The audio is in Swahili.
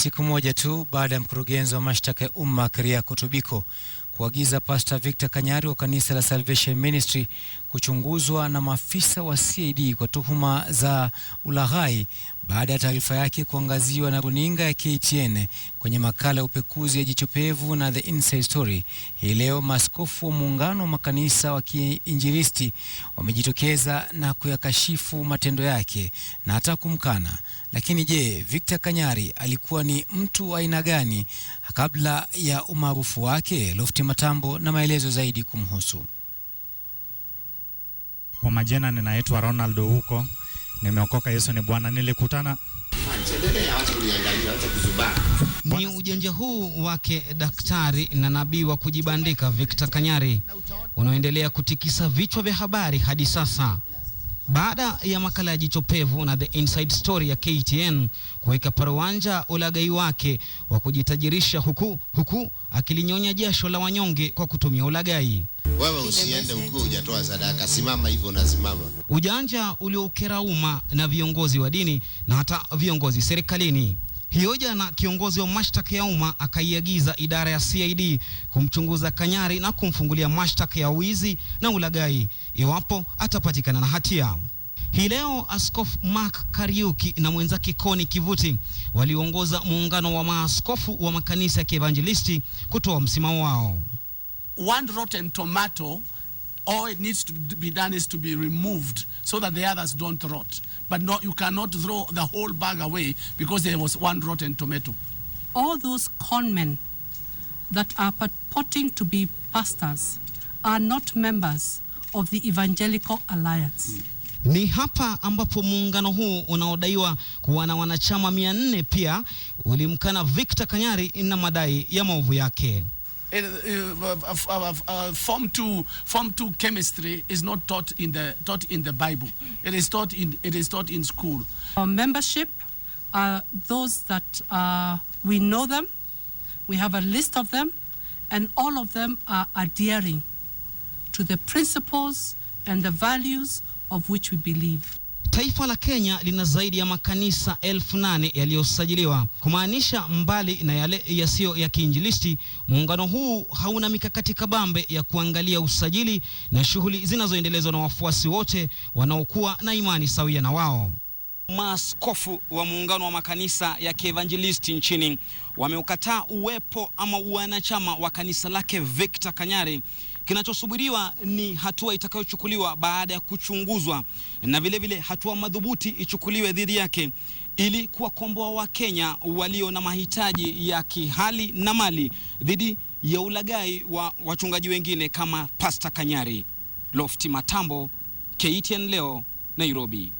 siku moja tu baada ya mkurugenzi wa mashtaka ya umma Keriako Tobiko kuagiza Pastor Victor Kanyari wa kanisa la Salvation Ministry kuchunguzwa na maafisa wa CID kwa tuhuma za ulaghai, baada ya taarifa yake kuangaziwa na runinga ya KTN kwenye makala ya upekuzi ya Jicho Pevu na The Inside Story. Hii leo maaskofu wa muungano wa makanisa wa kiinjilisti wamejitokeza na kuyakashifu matendo yake na hata kumkana. Lakini je, Victor Kanyari alikuwa ni mtu aina gani kabla ya umaarufu wake? Lofti Matambo na maelezo zaidi kumhusu. Kwa majina ninaitwa Ronaldo huko Nimeokoka, Yesu ni Bwana. Nilikutana ni ujanja huu wake daktari na nabii wa kujibandika Victor Kanyari unaoendelea kutikisa vichwa vya habari hadi sasa. Baada ya makala ya Jicho Pevu na The Inside Story ya KTN kuweka paruanja ulagai wake wa kujitajirisha huku huku akilinyonya jasho la wanyonge kwa kutumia ulagai. Wewe usiende huko hujatoa sadaka, simama hivyo simama. Ujanja ulioukera umma na viongozi wa dini na hata viongozi serikalini. Hiyo jana kiongozi wa mashtaka ya umma akaiagiza idara ya CID kumchunguza Kanyari na kumfungulia mashtaka ya wizi na ulagai iwapo atapatikana na hatia. Hii leo Askofu Mark Kariuki na mwenzake Koni Kivuti waliongoza muungano wa maaskofu wa makanisa ya Kievanjelisti kutoa msimamo wao. One rotten tomato all it needs to be done is to be removed so that the others don't rot. But no, you cannot throw the whole bag away because there was one rotten tomato. All those con men that are purporting to be pastors are not members of the Evangelical Alliance. Mm. Ni hapa ambapo muungano huu unaodaiwa kuwa na wanachama mia nne pia ulimkana Victor Kanyari na madai ya maovu yake. Uh, uh, uh, form two form two chemistry is not taught in the taught in the Bible. It is taught in it is taught in school. Our membership are those that uh, we know them. We have a list of them, and all of them are adhering to the principles and the values of which we believe. Taifa la Kenya lina zaidi ya makanisa elfu nane yaliyosajiliwa, kumaanisha mbali na yale yasiyo ya kiinjilisti, muungano huu hauna mikakati kabambe ya kuangalia usajili na shughuli zinazoendelezwa na wafuasi wote wanaokuwa na imani sawia na wao. Maaskofu wa muungano wa makanisa ya kievanjilisti nchini wameukataa uwepo ama uanachama wa kanisa lake Victor Kanyari Kinachosubiriwa ni hatua itakayochukuliwa baada ya kuchunguzwa na vilevile vile hatua madhubuti ichukuliwe dhidi yake ili kuwakomboa Wakenya walio na mahitaji ya kihali na mali dhidi ya ulagai wa wachungaji wengine kama Pasta Kanyari. Lofti Matambo, KTN leo, Nairobi.